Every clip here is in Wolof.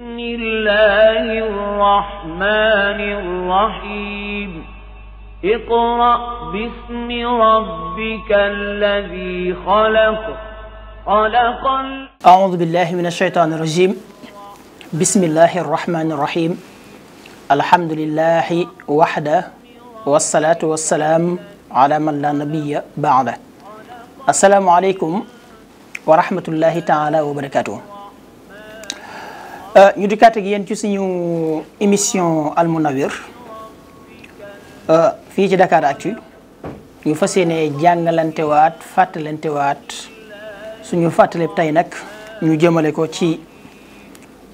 بسم الله الرحمن الرحيم اقرأ باسم ربك الذي خلق خلق أعوذ بالله من الشيطان الرجيم بسم الله الرحمن الرحيم الحمد لله وحده والصلاة والسلام على من لا نبي بعده السلام عليكم ورحمة الله تعالى وبركاته Euh, ñu dikkaat ak yéen ci suñu émission Al Mounawir euh, fii ci Dakar Actu ñu fas yéene jàngalantewaat fàttalantewaat suñu fàttali tey nag ñu jëmale ko ci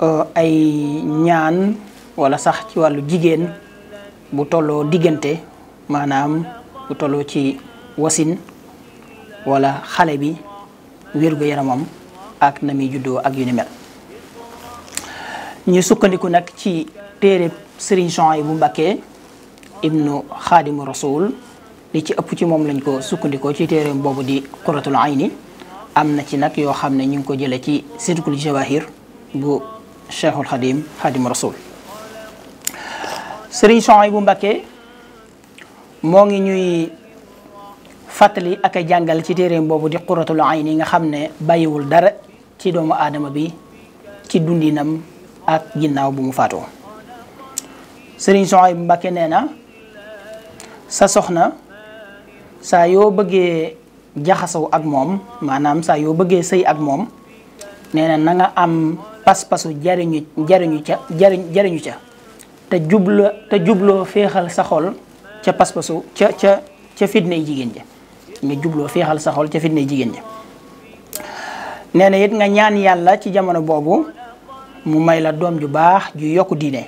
euh, ay ñaan wala sax ci wàllu jigéen bu tolloo diggante maanaam bu tolloo ci wasin wala xale bi wér gu yaramam ak na muy juddoo ak yu ni mel. ñu sukkandiku nag ci téere Serigne Souhaïbou Mbacké ibnu xaadimu rasul li ci ëpp ci moom lañ ko sukkandikoo ci téereem boobu di Qurratul Ayni am na ci nag yoo xam ne ñu ngi ko jëlee ci Sidqul Jawahir bu Cheikhul Xadim xaadimu rasul Serigne bu Mbacké moo ngi ñuy fàttali ak a jàngal ci téereem boobu di Qurratul Ayni nga xam ne bàyyiwul dara ci doomu aadama bi ci dundinam ak ginnaaw bu mu faatoo sëriñ Souhaïbou Mbacké nee na sa soxna saa yoo bëggee jaxasaw ak moom maanaam saa yoo bëggee sëy ak moom nee na na nga am pas-pasu jariñu jariñu ca jariñ jariñu ca te jubla te jubloo féexal sa xol ca pas-pasu ca ca ca fitnay jigéen ja nga jubloo féexal sa xol ca fitnay jigéen ja nee na nga ñaan yàlla ci jamono boobu mu may la dom ju bax ju yok diine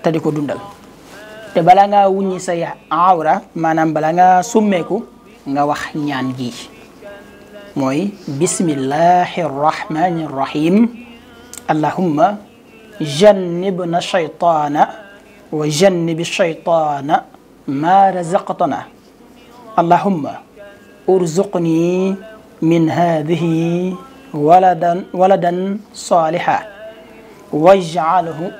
ta diko dundal te bala ngaa wuññi say awra manam bala nga summeku nga wax ñaan gi moy bismillahir rahmanir rahim allahumma jannibna shaytaana wa jannibi shaytaana ma razaqtana allahumma urzuqni min hadihi ولدا waladan saaliha waj'alhu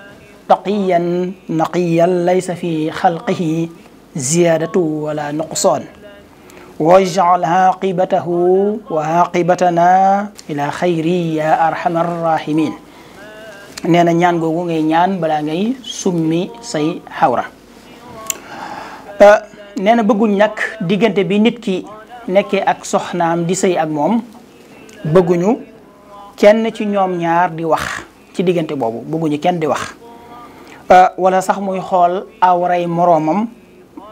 taqiyan naqiyan laysa fi xalqihi ziyaadatu wala nuqsaan waj'al aaqibatahu wa aaqibatana ila xayri ya arhamar rahimin nee ñaan googu ngay ñaan balaa ngay summi say xawra euh, nee na bëgguñ nag diggante bi nit ki nekkee ak soxnaam di sëy ak moom bëgguñu kenn ci ñoom ñaar di wax diggante boobu bëgguñu kenn di wax euh, wala sax muy xool awray moroomam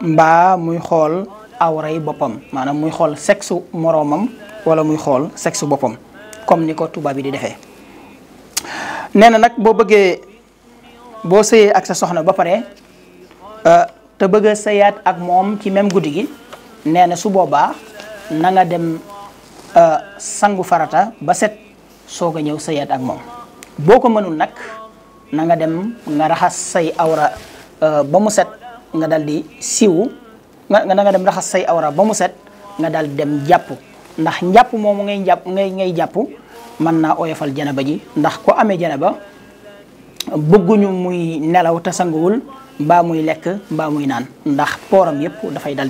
mbaa muy xool awray boppam maanaam muy xool sexe moroomam wala muy xool sexe boppam comme ni ko tubaab bi di defee nee na nag boo bëggee boo sëyee ak sa soxna ba pare euh, te bëgg a sëyaat ak moom ci même guddi gi nee na su boobaa na nga dem euh, sangu farata ba set soog a ñëw sëyaat ak moom boko menunak, nak na nga dem nga raxas say awra eh, ba mu set nga daldi di siwu nga nga dem raxas say awra ba mu set nga dal dem japp ndax japp mom ngay japp ngay ngay japp man na oyofal janaba ji ndax ko amé janaba bëgguñu muy nelaw ta sanguwul ba muy lek ba muy naan ndax poram yépp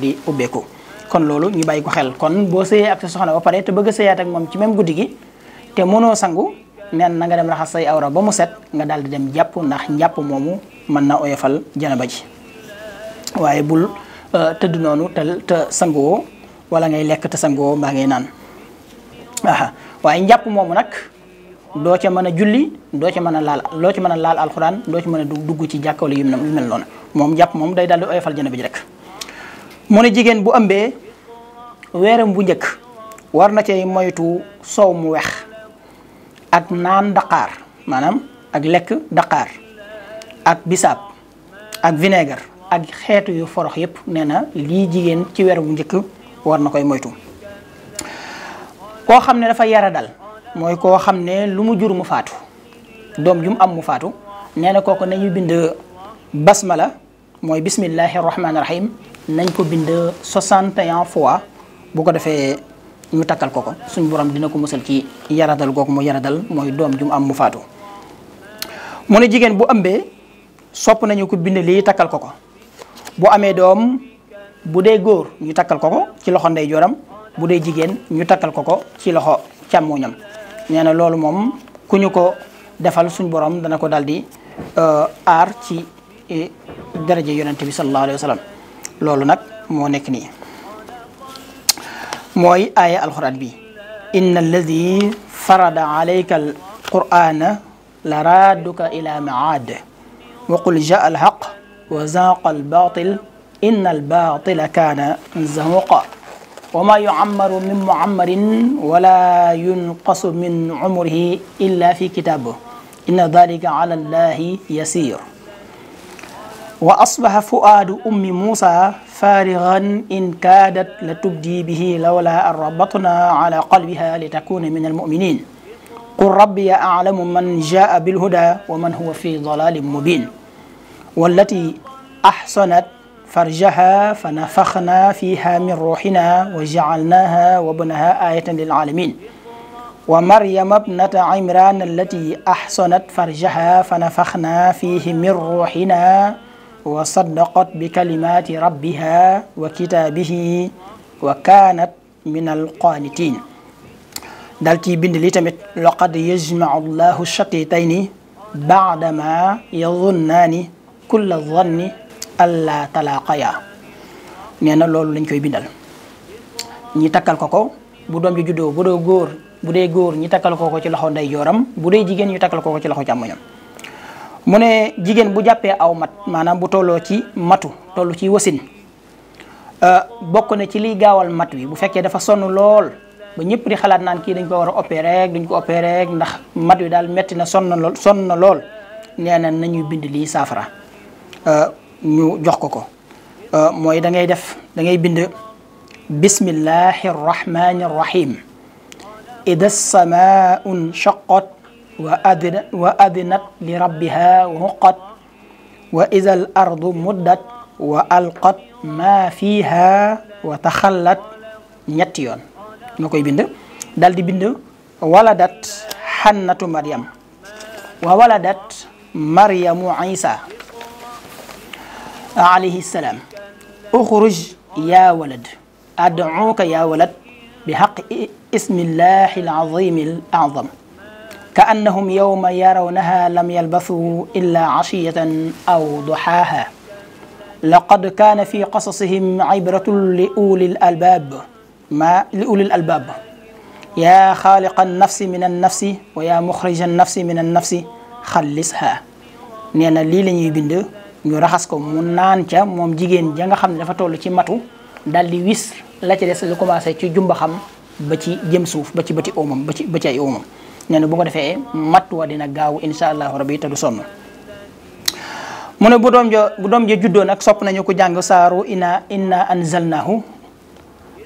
di ubbeeku kon lolu ñu bayiko xel kon bo sey ak soxna ba paré te bëgg sëyaat ak mom ci même te sangu nen na nga dem raxas awra ba mu set nga dal di dem japp ndax japp momu man na oyefal janaba ji waye bul teud nonu te te sango wala ngay lek te sango ba ngay nan aha waye japp momu nak do ci meuna julli do ci meuna lal lo ci meuna lal alquran do ci meuna dugg ci jakkol yu mel non mom japp mom day dal di oyefal janaba ji rek ne bu ambe wéram bu ñëk war na ci moytu soow mu ak naan daqaar manam ak lek daqaar ak bisaab ak vinegar ak xeetu yu forox yépp neena li jigen ci weer bu ñëk war na koy moytu ko xamne dafa yara dal moy ko xamne lu mu jur mu faatu dom ju mu am mu faatu neena koko nañu bind basmala moy bismillahir rahmanir rahim nañ ko bind 61 fois bu ko defé ñu takal koko suñ borom dina ko musal ci yaradal googu mu yaradal moy dom jum am mu faatu mo ne jigen bu ambe, sop nañu ko bind li takal koko bu amé dom bu dee góor ñu takal koko ci loxo ndey joram bu dee jigéen ñu takal koko ci loxo chamoñam nee lolu mom ku ñu ko defal suñ borom dana ko daldi euh, ar ci euh, daraja yaronte bi sallallahu alaihi wasallam. lolu nak mo nek ni موي آية القرآن بي إن الذي فرض عليك القرآن لرادك إلى معاد وقل جاء الحق وزاق الباطل إن الباطل كان زهوقا وما يعمر من معمر ولا ينقص من عمره إلا في كتابه إن ذلك على الله يسير وأصبح فؤاد أم موسى فارغا إن كادت لتبدي به لولا أن ربطنا على قلبها لتكون من المؤمنين قل ربي أعلم من جاء بالهدى ومن هو في ضلال مبين والتي أحصنت فرجها فنفخنا فيها من روحنا وجعلناها وابنها آية للعالمين ومريم ابنة عمران التي أحصنت فرجها فنفخنا فيه من روحنا wa saddaqat bi kalimaati rabbiha wa kitaabihi wa kaanat min alqaanitiin dal ciy bind li tamit laqad yajmacu llahu chatitayni baadama yazunnaani kulla zanni allaa talaaqaya nee na loolu lañ koy bindal ñi takkal ko ko bu doom ji juddoo bu dee góor bu dee takkal ko ko ci loxo ndeyjooram bu dee jigéen ñu takkal ko ko ci loxo càmmoñam Mune jigen bu jappé aw mat manam bu tolo ci matu toll ci wasin euh, bokk na ci li gawal mat wi bu fekke dafa sonu lol ba ñepp di xalaat naan ki dañ ko wara opéré rek duñ ko opéré rek ndax mat wi dal metti na sonna lol sonna lol na nañu bind li safara euh ñu jox ko ko euh, moy da ngay def da ngay bind bismillahir rahmanir rahim samaa'un shaqqat وأذنت لربها وهقت وإذا الأرض مدت وألقت ما فيها وتخلت نتيون نكوي بند دال دي بند ولدت حنة مريم وولدت مريم عيسى عليه السلام أخرج يا ولد أدعوك يا ولد بحق اسم الله العظيم الأعظم كأنهم يوم يرونها لم يلبثوا إلا عشية أو ضحاها لقد كان في قصصهم عبرة لأولي الألباب ما لأولي الألباب يا خالق النفس من النفس ويا مخرج النفس من النفس خلصها نينا لي لا نيو بيند ني راخاس كو مو نان تيا موم جيجين جاغا خامن دا فا تول سي ماتو دال لي ويس لا تي ديس لو كوماسي سي جومبا خام با سي جيم سوف با سي بتي اومم با سي با سي اومم nee na bu ko defee matt wa dina gaaw incha allahu rabi te du sonn mu ne bu doom jo bu doom jo juddoo nag sopp nañu ko jàng saaru ina inna anzalnahu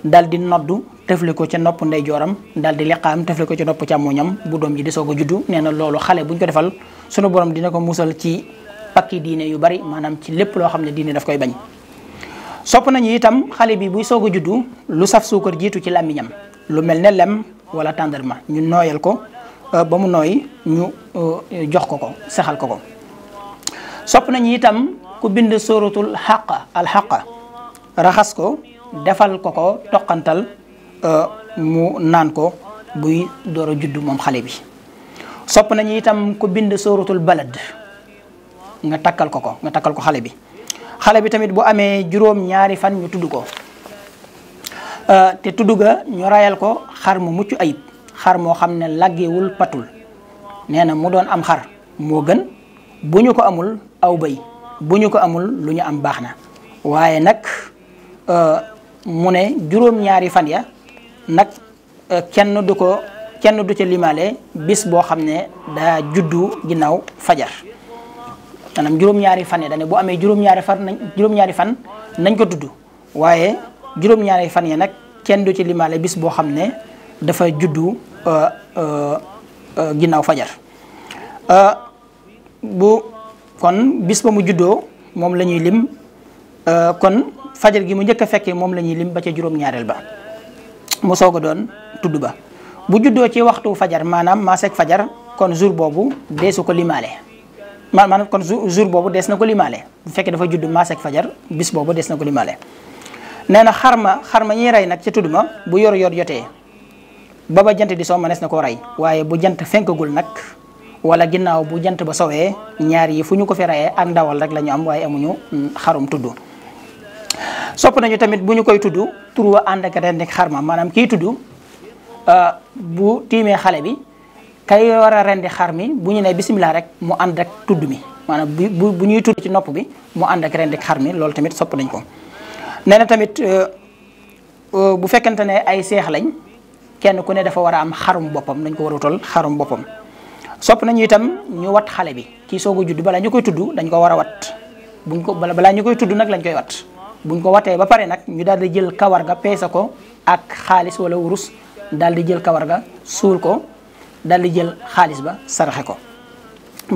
dal di noddu tefle ko ca nopp ndeyjooram dal di liqaam tefli ko ca nopp càmmoñam bu doom ji di soog a juddu nee na loolu xale buñ ko defal sunu borom dina ko musal ci pakki diine yu bari maanaam ci lépp loo xam ne diine daf koy bañ sopp nañu itam xale bi buy soog a juddu lu saf suukar jiitu ci làmmiñam lu mel ne lem wala tàndarma ñu nooyal ko Euh, ba mu nooy ñu euh, jox ko ko sexal ko ko sopp nañu itam ku bind sóoratul xaqa alxaqa raxas ko defal ko ko toqantal euh, mu naan ko buy door a judd moom xale bi sopp nañu itam ku bind sóoratul balad nga takkal ko ko nga takkal ko xale bi xale bi tamit bu amee juróom ñaari fan ñu tudd ko te tudd ga ñu rayal ko xar mu mucc ayib xar mo xamne laggewul patul nee na mu doon am xar mo gën buñu ko amul aw bay buñu ko amul luñu am baxna na nak euh mu ne juroom ñaari fan ya Nak, euh, kenn du ko kenn du ci limalé bis bo xamné Da juddu ginnaw fajar manam juroom ñaari fan ya dane bu amee juróom-ñaari fan juroom ñaari fan nañ ko tuddu waaye juroom ñaari fan ya Nak kenn du ci limalé bis bo xamné dafa juddu euh, euh, euh, ginnaw fajar bu kon bis ba mu juddo mom lañuy lim euh kon fajar gi mu ñëk fekke mom lañuy lim ba ca juroom ñaareel ba mu soga doon tuddu ba bu juddo ci waxtu fajar mana sek fajar kon jour bobu desu ko man man kon jour bobu des na ko limalé bu fekkee dafa ma sek fajar bis bobu des na ko limalé harma xarma xarma ñi ray nak ci tuduma bu yor yor yoté ba jant di soo mënees na ko rey waaye bu jant fenkagul nag wala ginnaaw bu jant ba sowee ñaar yi fu ñu ko fi reyee ak ndawal rek lañu am waaye amuñu mm, xarum tudd sopp nañu tamit bu ñu koy tudd tur wa ànd xarma maanaam kii tudd euh, bu tiimee xale bi kay war a rendi xar mi bu ñu ne bisimilah rek mu ànd ak mi maanaam bu bu ñuy tudd ci nopp bi mu ànd ak rendi xar mi loolu tamit sopp nañ ko nee tamit euh, euh, bu fekkente ne ay seex lañ kenn ku ne dafa war a am xarum boppam dañ ko war a xarum boppam sopp nañu itam ñu wat xale bi kii soog a judd balaa ñu koy tuddu dañ ko war a wat buñ ko balaa ñu koy tudd nag lañ koy wat buñ ko watee ba pare nag ñu daal di jël kawar ga peese ko ak xaalis wala wurus daal di jël kawar ga suul ko daal di jël xaalis ba saraxe ko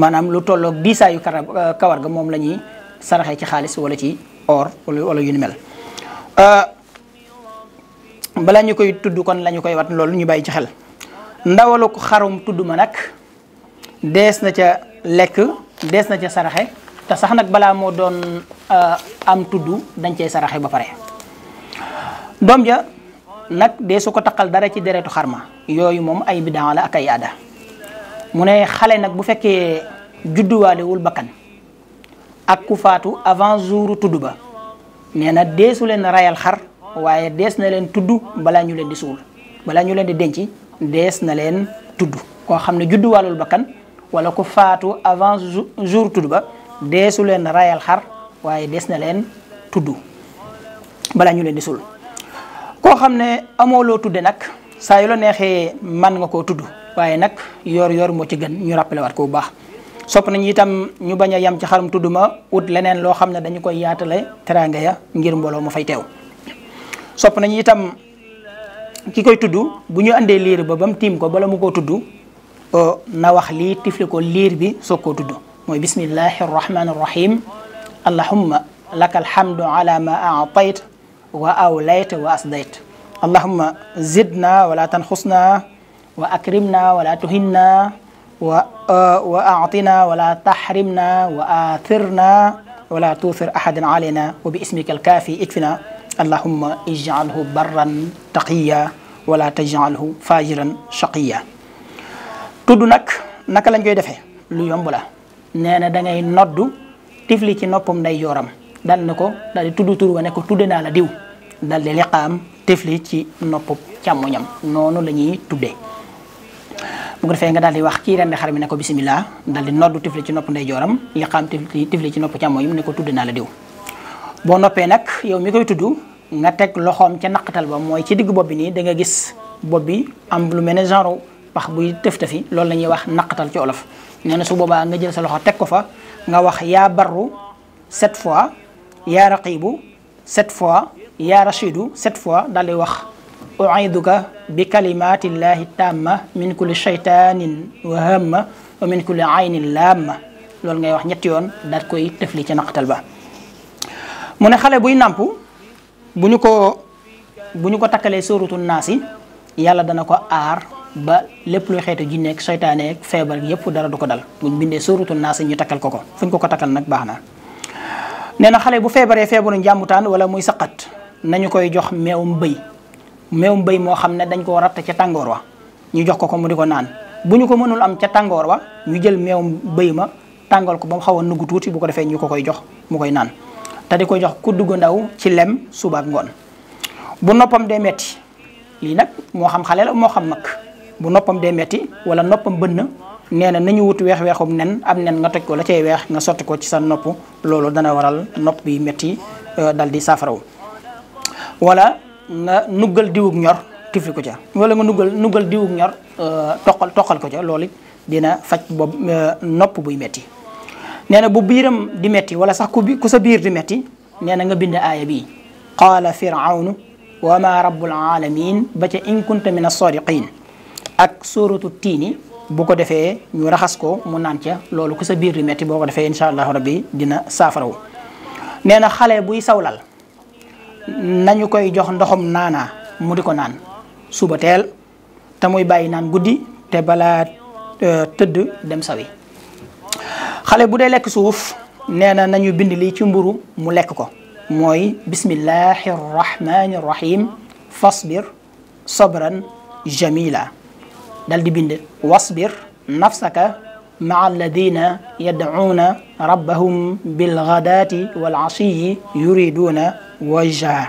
maanaam lu tolloog diisaayu euh, kawar ga moom la ñuy saraxe ci xaalis wala ci or wala yun mel. Euh, bala ñu koy tudd kon la ñu koy wat loolu ñu bay ci xel ndawalu ko xarum tudd ma nag dees na ca lekk dees na ca saraxe te sax nag balaa moo doon euh, am tudd dañ cey saraxe ba pare doom ja nag dee ko taqal dara ci xar ma yooyu moom ay bidaa ak ay aada mu ne xale nag bu fekkee judduwaalewul bakkan ak ku faatu avant jour tudd ba nee na deesu leen reyal xar waaye dees na leen tudd balaa ñu leen di suul balaa ñu leen di denc dees na leen tudd koo xam ne juddu wàllul bakkan wala ko faatu avant jour tudd ba deesu leen rayal xar waaye dees na leen tudd balaa ñu leen di suul koo xam ne amoo loo tudde nag saa yu la neexee man nga koo tudd waaye nag yor yoor moo ci gën ñu rappelewaat waat ko bu baax sopp nañu itam ñu bañ a yam ci xarum tudd ma ut leneen loo xam ne dañu koy yaatale teraanga ya ngir mbooloo mu fay teew sopp nañu itam ki koy tudd bu ñu andee liir ba ba mu tiim ko bala mu koo tudd na wax lii tifli ko liir bi soo ko tudd mooy bismillahi arrahmani arrahim allahumma laka alhamdu ala ma aatayt wa awlayt wa asdayt allahumma zidna wala tanxusna wa akrimna wala tuhinna wa wa aatina wala wa aathirna wala tuuthir ahadan alayna wa bi alkaafi ikfina Allahumma اجعله برا تقيا ولا تجعله fajiran شقيا tudd nak naka lañ koy defé lu yomb la néna da ngay noddu tifli ci nopum nday yoram dal nako dal di tuddu turu wane ko tudde na la diw dal di liqam tifli ci noppum chamuñam nonu lañuy tuddé bu ko defé nga dal di wax ki ren xar mi ne ko di noddu tifli ci nopp ndey yoram liqam tifli tifli ci nopp càmmoyam ne ko la diw bo noppé nak yow mi koy tuddu nga tek loxom ci nakatal ba moy ci digg bobbi ni da nga gis bobbi am lu mel genre wax buy tëf tëfi lolou lañuy wax nakatal ci olof nee su boba nga jël sa loxo tek ko fa nga wax ya barru 7 fois ya raqibu 7 fois ya rashidu 7 fois dalé wax uiduka bi kalimatillahi tamma min kulli shaytanin wa hamma wa min kulli aynin laamma loolu ngay wax ñetti yoon daal koy tëfli ca naqatal ba mu ne xale buy nàmp bu ñu ko bu ñu ko takkalee sóoratu naas yi yàlla dana ko aar ba lépp luy xeetu ji nekk seytaane feebar yëpp dara du ko dal bu ñu bindee sóoratu naas yi ñu takkal ko ko fu ñu ko ko takkal nag baax na. nee na xale bu feebaree feebaru njàmbutaan wala muy saqat nañu koy jox meewum bëy meewum bëy moo xam ne dañ koo ratt ca tàngoor wa ñu jox ko ko mu di ko naan bu ñu ko mënul am ca tàngoor wa ñu jël meewum bëy ma tàngoor ko ba mu xaw nugg tuuti bu ko defee ñu ko koy jox mu koy naan. te di ko jox kuddu gu ndaw ci lem suba ak ngoon bu noppam dee metti lii nag moo xam xale la moo xam mag bu noppam dee metti wala noppam bënn nee na nañu wut weex weexum nen am nen nga toj ko la cay weex nga sotti ko ci sa nopp loolu dana waral nopp bi metti euh, dal di saafarawu walla nga nuggal diwug ñor tifli ko ca wala nga nuggal nuggal diwug ñor euh, toqal toqal ko ca loolu dina faj boobu euh, nopp buy metti nee na bu biiram di metti wala sax ku bi sa biir di metti nee nga bind aaya bii qaala firawnu wa ma rabbul alamin ba ca in kunta min as-sadiqin ak suratu tiini bu ko defee ñu raxas ko mu naan ca loolu ku sa biir di metti boo ko defee incha allahu rabbi dina saafarawu nee na xale buy sawlal nañu koy jox ndoxum naanaa mu di ko naan suba teel muy bàyyi naan guddi te balaa euh, tëdd dem sawi xale bu dee lekk suuf néna nañu bind li ci mburu mu lek ko moy bismillahir rahmanir rahim fasbir sabran jamila dal di bind wasbir nafsaka مع الذين يدعون ربهم بالغداة والعشي يريدون وجهه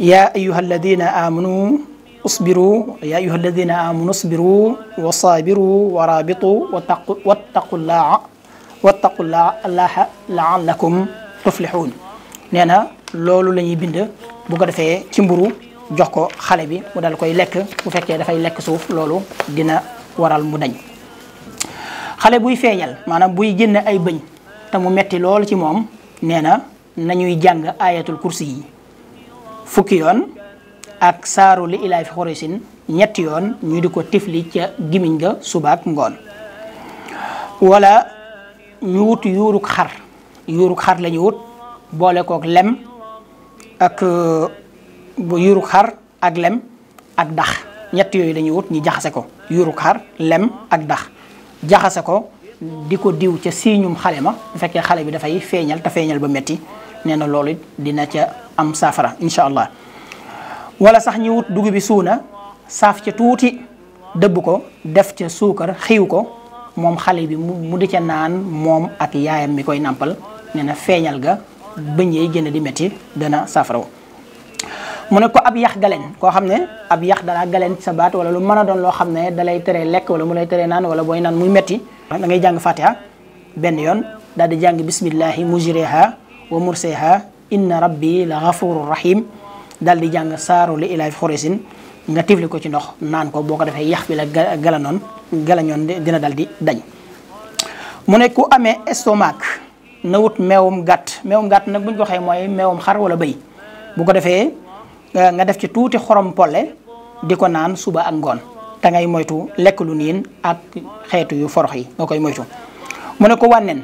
يا أيها الذين آمنوا اصبروا يا أيها الذين آمنوا اصبروا وصابروا ورابطوا واتقوا, واتقوا الله wattaqu llaaha laallakum tuflixuun nee na loolu la ñuy bind bu ko defee ci mburu jox ko xale bi mu dal koy lekk bu fekkee dafay lekk suuf loolu dina waral mu dañ xale buy feeñal maanaam buy génne ay bëñ te mu metti lool ci moom nee na nañuy jàng ayatul kursi yi fukki yoon ak saaru li ilaay fi xorosin ñetti yoon ñu di ko tifli ca gimiñ ga subaak ngoon wala ñu wut yuuruk xar yuuruk xar lañu wut boole kook lem ak yuuruk xar ak lem ak dax ñetti yooyu la wut ñu jaxase ko yuuruk xar lem ak dax jaxase ko di ko diw ca siiñum xale ma bu fekkee xale bi dafay feeñal te feeñal ba metti nee na loolu dina ca am saafara incha allah ولا صح ني ووت دوغي بي سونا صاف تي توتي دبكو ديف تي سوكر خيوكو موم خالي بي مودي تي نان موم اك يايام مي كوي نامبال نينا فينيال غا بنيي جين دي ميتي دانا سافرو موني كو اب ياخ غالين كو خامني اب ياخ دانا غالين سا بات ولا لو مانا دون لو خامني دالاي تري ليك ولا مولاي تري نان ولا بوي نان موي ميتي دا ngay jang fatiha ben yon dal di jang bismillah mujriha wa mursiha inna rabbi la ghafurur dal di jàng saaru li ilaay xoresin nga tifli ko ci ndox naan ko boo ko defee yax bi la galanoon galañoon dina dal di dañ mu ne ku amee estomac na wut meewum gàtt meewum gàtt nag bu ko waxee mooy meewum xar wala bëy bu ko defee euh, nga def ci tuuti xorom pole di ko naan suba ak ngoon te ngay moytu lekk lu niin ak xeetu yu forox yi nga koy moytu mu ne ko wànneen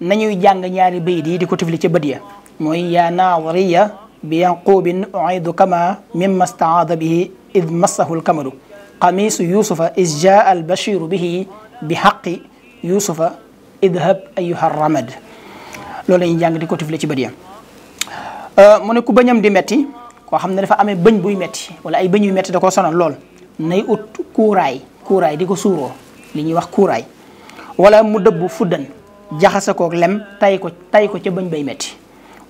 nañuy jàng ñaari bayit yi di ko tifli ca bët ya mooy yaa naawariya bi yanqubin uidu kama mimma staada bihi id massahu lkamalu qamisu yusufa is jaa albashiru bihi bi xaqi yusufa idhab ayuha ramad loolu la ñuy jàng di ko tifle ci bët ya euh, mu ne ku bëñam di metti koo xam ne dafa amee bañ buy metti wala ay bëñ yu metti da koo sonal lool nay ut kuuraay kuuraay di ko suuroo li ñuy wax kuuraay wala mu dëbb fuddan jaxase koog lem tay ko ca bañ bay metti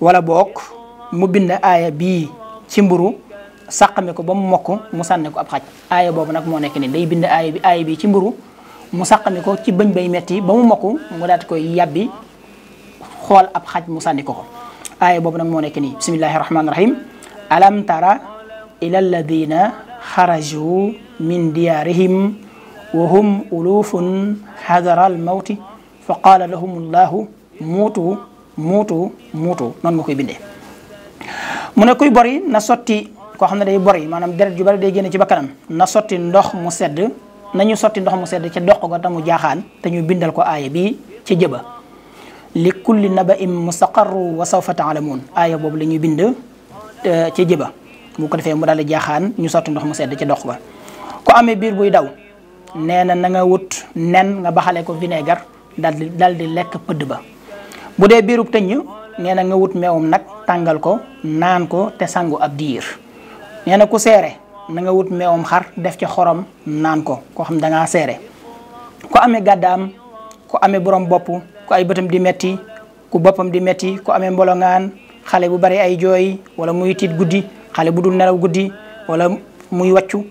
wala boog mu bind aya bi ci mburu sàqame ko bam mu mu sànne ko ab xaj aya bobu nak mo nek ni day bind aya bi aya bi ci mburu mu sàqame ko ci bagn bay metti bam mu mu dat di koy yàbbi xool ab xaj mu sànni ko ko aaya boobu nag moo nekk nii bismillahi rahmaani rahim alam tara ila alladhina kharaju min diyarihim wa hum ulufun hadara al mawti fa qala موتوا موتوا muutu muutu muutu noonu mu kuy bori na soti ko xamne day bori manam deret ju bari day gene ci bakanam na soti ndox mu sedd nañu soti ndox mu sedd ci dox go tamu jaxaan te ñu bindal ko aya bi ci jëba li kulli naba im mustaqarru wa sawfa ta'lamun aya bobu la bind ci jëba mu ko defé mu dal jaxaan ñu soti ndox mu sedd ci dox ba ko amé bir buy daw neena na nga wut nen nga baxale ko vinaigre dal dal di lek pëdd ba bu dee biirub tëññ nee nga wut meewum nak tàngal ko naan ko te sangu ab diir nee na ku seere na nga wut meewam xar def ca xorom naan ko koo xam da ngaa seere ku amee gàddaam ku amee borom bopp ku ay bëtam di metti ku boppam di metti ku amee mbolongaan xale bu bari ay jooy wala muy tiit guddi xale bu dul nelaw guddi wala muy wàccu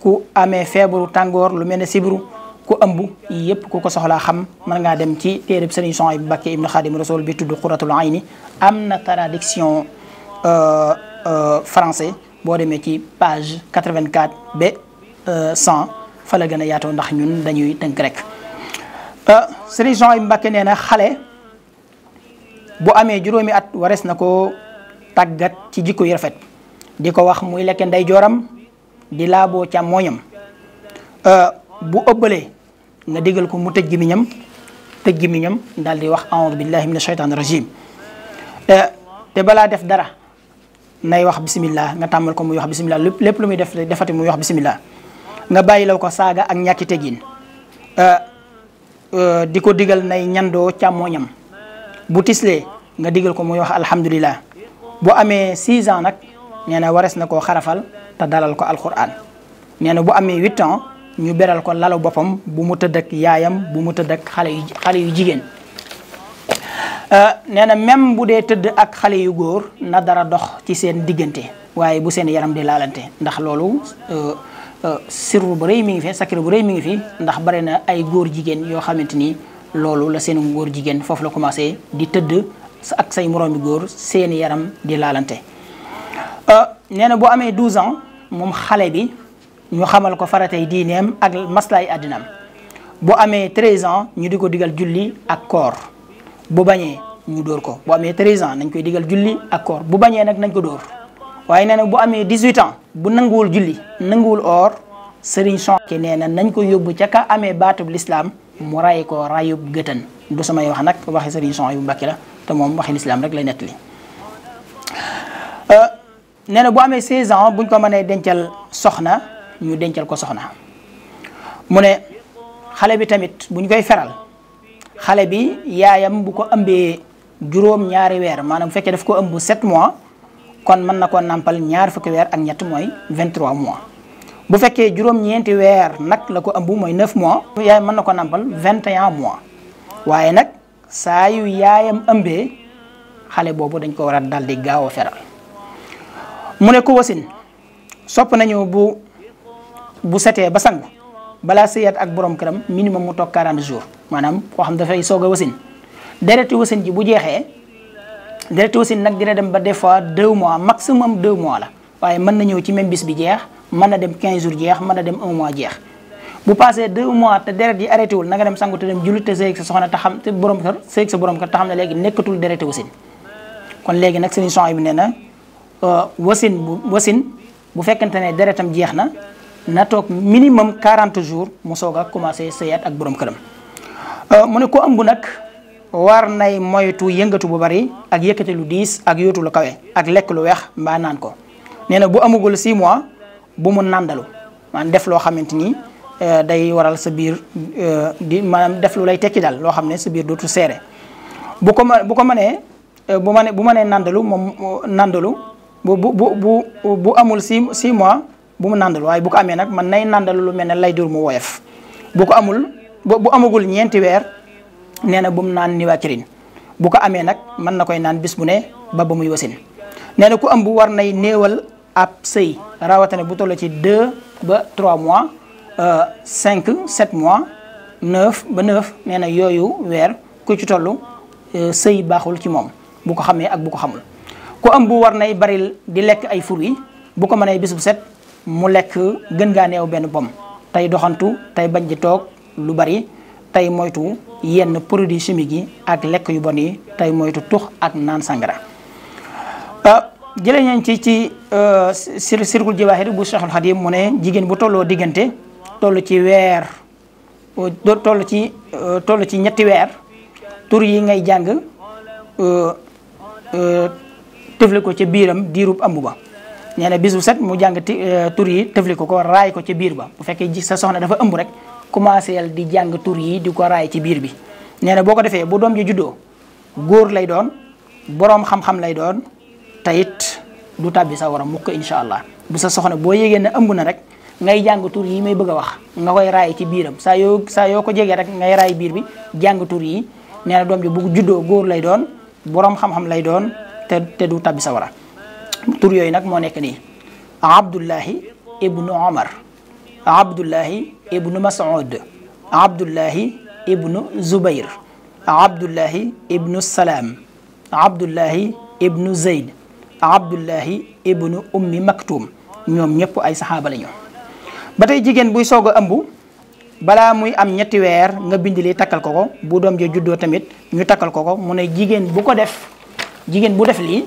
ku amee feebaru tàngoor lu mel ne sibiru ku ëmb yépp ku ko soxlaa xam mën ngaa dem ci téereb sëriñ Sohayb bu Mbàkke ibnu Xaadim Rasul bi tudd Qurratul Ayni am na traduction français boo demee ci page 84 ba 100 fa la gën a yaatoo ndax ñun dañuy tënk rek sëriñ Sohayb bu Mbàkke nee na xale bu amee juróomi at wares na ko tàggat ci jikko yu rafet di ko wax muy lekke ndey jooram di laaboo càmmooñam bu ëbbalee nga déggal ko mu tëj gémmiñam tëj miñam dal di wax a'udhu billahi minash ashaytaani rajim euh te bala def dara nay wax bismillah nga tamal ko mu wax bismillah lépp lépp lu muy def defati mu wax bismillah nga bayilaw ko saga ak ñàkki tegin euh diko diggal nay ñando chamoñam bu tislé nga diggal ko mu wax alhamdullilah bu amé 6 ans nak néna na wares na xarafal ta dalal ko alquran néna bu amé 8 ans ñu beral ko lalu boppam bu mu tëdd ak yaayam bu mu tëdd ak xale yu xale yu jigéen euh, nee na même bu dee tëdd ak xale yu góor na dara dox ci seen diggante waaye bu seen yaram di laalante ndax loolu euh, euh, sirru bu rëy mi ngi fi sakiru bu rëy mi ngi fi ndax bari na ay góor jigéen yoo xamante ni loolu la seen góor jigéen foofu la commencé di tëdd ak say moroomi góor seen yaram di laalante nee na amee 12 ans moom xale bi ñu xamal ko faratay diineem ak maslay adinam bu amé 13 ans ñu diko digal julli ak koor bu bañé ñu dóor ko bu amé 13 ans nañ koy digal julli ak koor bu bañé nak nañ ko dóor waye nena bu amé 18 ans bu nangul julli nangul or sëriñ Sonke nee na nañ ko yóbbu ci ka amé batub l'islam mu ray ko rayub gëtën du sama wax nak waxi sëriñ son yu Mbàkke la te mom waxi l'islam rek lay netti euh nena bu amé 16 ans buñ ko mënee dencal soxna ñu dencal ko soxna mu ne xale bi tamit bu ñu koy feral xale bi yaayam bu ko ëmbee juróom ñaari weer maanaam bu fekkee daf ko ëmb 7 mois kon mën na koo nàmpal ñaar fukki weer ak ñett mooy 23 mois bu fekkee juróom-ñeenti weer nag la ko ëmb mooy 9 mois. yaayam mën na ko nàmpal 21 mois waaye nag saa yu yaayam ëmbee xale boobu dañ ko war a dal di gaaw a feral mu ko wasin sopp nañu bu setee ba sang balaa sëyaat ak borom këram minimum mu toog 40 jours maanaam koo xam dafay soog a wasin dereti wasin ji bu jeexee dereti wasin nag dina dem ba des fois 2 mois maximum deux mois la waaye mën na ñëw ci même bis bi jeex mën na dem 15 jours jeex mën na dem 1 mois jeex. bu passé 2 mois te deret yi arrêté wul na dem sangu te dem jullit te sëy soxna te xam te borom kër sëy ak sa borom kër te xam ne léegi wasin kon léegi nag seen émission bi nee na euh, wasin bu wasin bu fekkente ne deretam jeex na. na toog minimum 40 jours mu soog a commencé sëyaat ak borom këram euh, mu ne ku ëmb nag war nay moytu yëngatu bu bari ak yëkkati lu diis ak yóotu kawe ak lekk lu weex mbaa naan ko nee na bu amagul 6 mois bu mu nàndalu maanaam def loo xamante ni euh, day waral sa biir euh, di maanaam def lu lay tekki daal loo xam ne sa biir dootu seere bu ko ma bu ko mënee bu ma bu ma nee nàndalu moom nàndalu bu bu bu bu amul 6 mois. bu mu nandal way bu ko amé nak man nay nandal lu melni lay dur mu woyef bu ko amul bu amagul ñenti weer néna bu mu nan ni wàccirin bu ko amé nak man nakoy nan bis bu né ba ba muy wasin néna ku am bu war nay néewal ab sëy rawatina bu toll ci 2 ba 3 mois euh 5 7 mois 9 ba 9 néna yoyu yooyu ku ci tollu euh, sey baxul ci mom bu ko xamé ak bu ko xamul ku am bu war nay baril di lek ay fur yi bu ko mané bisub set mu lekk gën gaa neew benn pom tey doxantu tey bañ di toog lu bari tey moytu yenn produit chimique yi ak lekk yu bon yi tey moytu tux ak naan sangara euh, jëlee nañ ci ci euh, Sirrul Jawaahir bu Cheikhul Khadim mu ne jigéen bu tolloo diggante tollu ci weer euh, toll ci toll ci ñetti weer tur yi ngay jàng tëfle ko ca biiram diirub ëmb ba nee na bis bu set mu jàng euh, tur yi tëfli ko ko raay ko ci biir ba bu fekkee sa soxna dafa ëmb rek commencé yal di jàng tur yi di ko raay ci biir bi nee boo ko defee bu doom ji juddoo góor lay doon boroom xam-xam lay doon te it du tàbbi sa wara a mukk incha allah bu sa soxna boo yégee ne ëmb na rek ngay jàng tur yi may bëgg a wax nga koy raay ci biiram saa yoo saa yoo ko jegee rek ngay biir bi jàng yi nee na ji bu juddoo góor lay doon boroom xam lay doon te te du tàbbi sa war tur yooyu nag moo nekk nii abdullahi ibnu omar abdullahi ibnu masoud abdullahi ibnu zubair abdullahi ibnu salaam abdullahi ibnu zeyd abdullahi ibnu ummi maktuum ñoom ñépp ay saxaaba lañu ba jigéen buy soog a ëmb balaa muy am ñetti weer nga bind li takkal ko ko bu doom ja juddoo tamit ñu takkal ko ko mu ne jigéen bu ko def jigéen bu def lii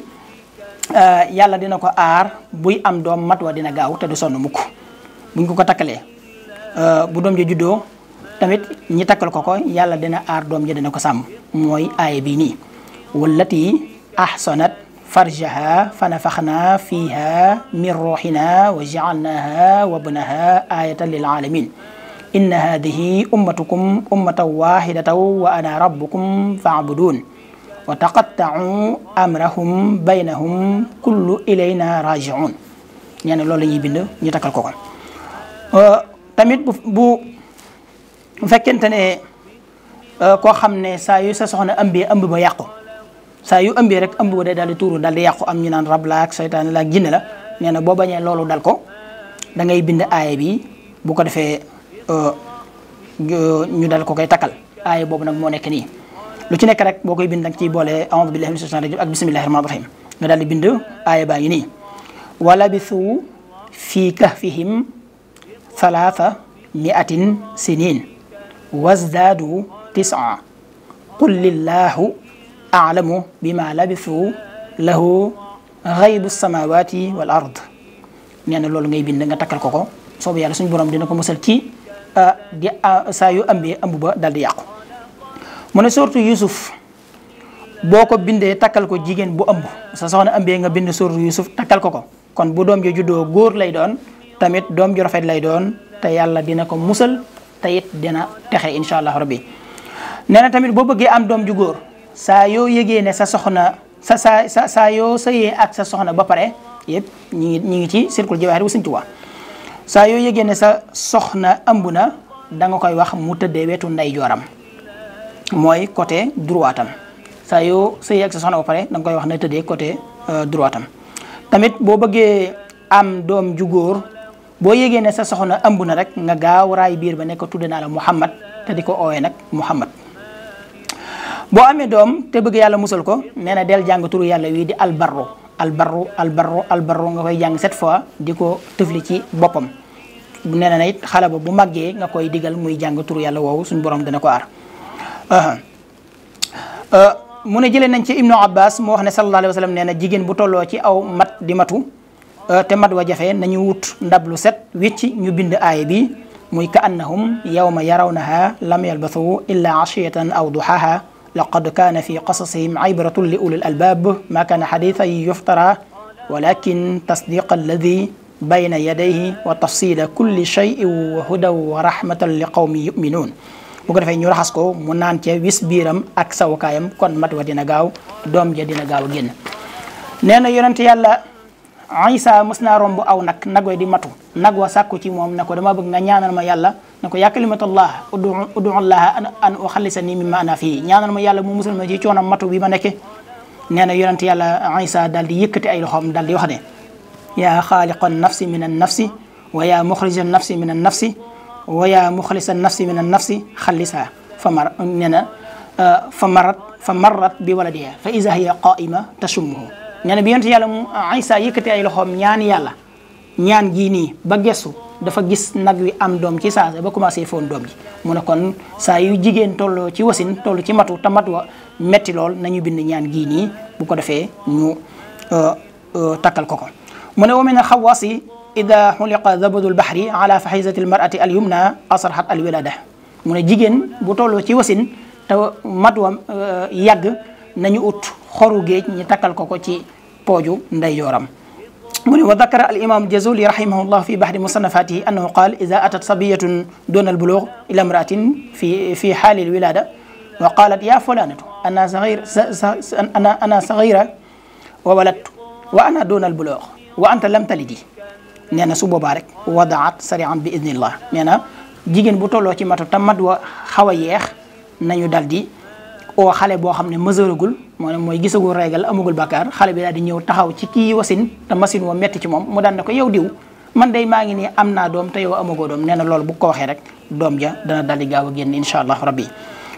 Euh, yàlla dina ko aar buy am doom mat wa dina gaaw te du sonn mukk buñ ko ko takkalee euh, bu doom ji juddoo tamit ñi takkal ko ko yàlla dina aar doom ji dina ko sàmm mooy aaya bii nii wallati ahsanat farjaha fa nafaxna fiha min ruuxina wa jaalnaha wa bnaha ayatan hadihi ummatukum ummatan waxidatan wa ana rabbukum faabudun wa taqatta'u amrahum bainahum kullu ilayna raji'un ñene loolu ñi bind ñu takal ko kon euh tamit bu bu fekkente ne ko xamne sa yu sa soxna ambi amb ba yaqko sa yu ambi rek amb ba day dal di turu dal di yaqko am ñu naan rab la ak shaytan la jinne la neena bo bañé loolu dal ko da ngay bind aaya bi bu ko defé euh ñu dal ko kay takal aaya bobu nak mo nek ni lu ci nekk rek boo koy bind da nga ciy boole aoudu billahi min shaytani rajim ak bismillahi rahmani rahim nga daal di bind aaya baa ngi nii wa labithu fii kahfihim thalatha miatin sinin wazdaadu tisaa qul lillahu aalamu bima labithu lahu xaybu samawati wal ard loolu ngay bind nga takkal ko ko soobu yal suñu borom dina ko mosal ci ah, di ambu ah, ba daal di yàqu mune sortu yusuf boko binde takal ko jigen bu ëmb sa soxna ambe nga bind sortu yusuf takal ko ko kon bu judo jo laydon, gor lay doon tamit dom jo rafet lay doon te yalla dina ko musal te it dina texe inshallah rabbi neena tamit bo beugé am dom ju gor sa yo yegé ne sa soxna sa sa sa yo yoo ak sa soxna ba paré yëpp ñi ngi ñi ci circle jibaar bu señtu wa sa yo yegé ne sa soxna na da nga koy wax mu tëddee wetu nday joram mooy côté droit tam saa yoo sëy ak sa soxna ba pare da nga koy wax na tëddee côté euh, droit tam tamit boo bëggee am doom ju góor boo yégee ne sa soxna ëmb na rek nga gaaw raay biir ba nekk tudde naa la Muhammad te di ko oowee nag Muhammad boo amee doom te bëgg yàlla musal ko nee na del jàng turu yàlla wii di albarro albarro albarro albarro nga koy jàng sept fois di ko tëfli ci boppam nee na it xale ba bu màggee nga koy digal muy jàng turu yàlla woowu suñu borom dana ko aar mu ne jele nañ ci ibnu abbas mo wax sallallahu alayhi wasallam neena jigen bu tolo ci aw mat di matu te mat wa jafe nañu wut ndablu set wécci ñu bind ay bi muy ka annahum yawma yarawnaha lam yalbathu illa ashiyatan aw duhaha laqad kaana fi qasasihim ibratun li ulil albab ma kaana xadiisan yuftara walakin tasdiqa alladi bayna yadayhi wa tafsila kulli shayin wa hudan wa rahmatan li qawmi bu ko defee ñu raxas ko mu naan cee wis biiram ak sawukaayam kon mat wa dina gaaw doom ja dina gaaw a génn nee na yonent yàlla Isa mës naa romb aw nag nag way di matu nag wa sàkku ci moom na dama bëgg nga ñaanal ma yàlla na ko yaa kalimatullah udullaha an uxallisa nii mimma ana fii ñaanal ma yàlla mu musul ma ci coonam matu bi ma nekke nee na yonent yàlla Isa daal di yëkkati ay loxoom daal di wax ne yaa xaaliqan nafsi min an nafsi wa yaa muxrijan nafsi min an nafsi wayaa muxalisa nafsi min a nafsi xallisa fa mar nee na uh, fa marat fa marrat bi waladiha fa isa hiya qaima tasummuhu nee na bi yonent yàlla mu ay uh, sa Isa yëkkati ay loxoom ñaan yàlla ñaan gii nii ba gestu dafa gis nag wi am doom ci saa ba commencé foon doom ji mu kon saa yu jigéen tolloo ci wasin toll ci matu te mat wa metti lool nañu bind ñaan gii nii bu ko defee ñu uh, takkal ko ko mu ne wa min إذا حلق ذبذ البحر على فحيزة المرأة اليمنى أصرحت الولادة من جيجين بطولو تي تو مدو ياغ نانيو اوت خورو جيج بوجو نداي من وذكر الامام جزولي رحمه الله في بحر مصنفاته انه قال اذا اتت صبيه دون البلوغ الى امراه في في حال الولاده وقالت يا فلانة انا صغير انا انا صغيره وولدت وانا دون البلوغ وانت لم تلدي neena na su boobaa rek wadaat sarian bi idnillah neena na bu tolo ci matu tamad wa xawa yeex nañu dal di xale bo xamne ne mo ne moy gisagul regal amugul bakar xale bi daldi di taxaw ci ki wasin tamasin machine wa metti ci mom mu daan nako yow diw man day maangi ni amna dom te yow amugo dom neena na bu ko waxe rek dom ja dana daldi gaaw a rabbi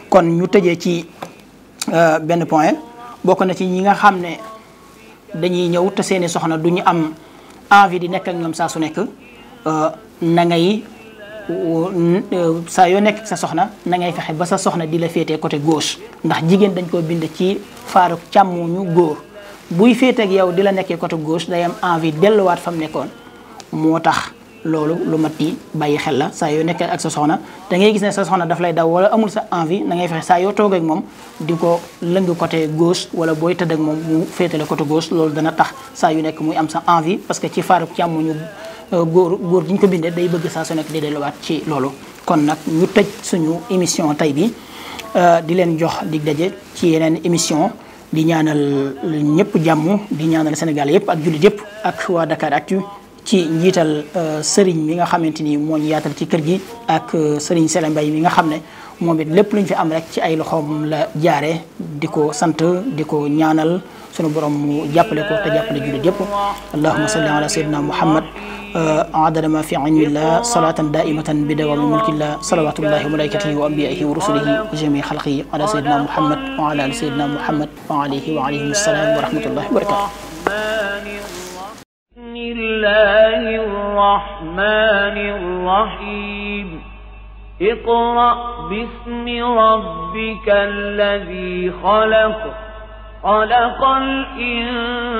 kon ñu teje ci euh, ben point bokk na ci ñi nga xamne dañuy ñew te seeni soxna duñu am envie di nekk ak ñoom saa su nekk euh, na ngay saa yoo nekk sa soxna na ngay fexe ba sa soxna di la féetee côté gauche ndax jigéen dañ ko bind ci faaru càmmuñu góor buy féete ak yow di la nekkee côté gauche day am envie delluwaat fa mu nekkoon moo tax loolu lu mat yi bàyyi xel la saa yoo nekkee ak sa soxna da ngay gis ne sa soxna daf lay daw wala amul sa envie nangay ngay fexe saa yoo toog ak moom di ko lëng côté gauche wala booy tëdd ak moom mu féetale côté gauche loolu dana tax saa yu nekk muy am sa envie parce que ci faaru càmmuñu euh, góor góor gi ñu ko bindee day bëgg saa su nekk di delluwaat ci loolu kon nag ñu tëj suñu émission tey bi euh, di leen jox di daje ci yeneen émission di ñaanal ñëpp jàmm di ñaanal Sénégal yëpp ak jullit yëpp ak waa Dakar Actu ci njital serigne mi nga xamanteni ni ñu yaatal ci kër gi ak serigne selam bay mi nga xamne momit lépp luñ fi am rek ci ay loxom la jaare diko sante diko ñaanal sunu borom mu jàppale ko te jàppale jullit yëpp allahumma salli ala sayyidina muhammad عدد ما في علم الله صلاة دائمة بدوام ملك الله صلوات الله وملائكته وأنبيائه ورسله وجميع خلقه على سيدنا محمد وعلى سيدنا محمد وعليه وعليه السلام ورحمة الله وبركاته الله الرحمن الرحيم اقرأ باسم ربك الذي خلق خلق الإنسان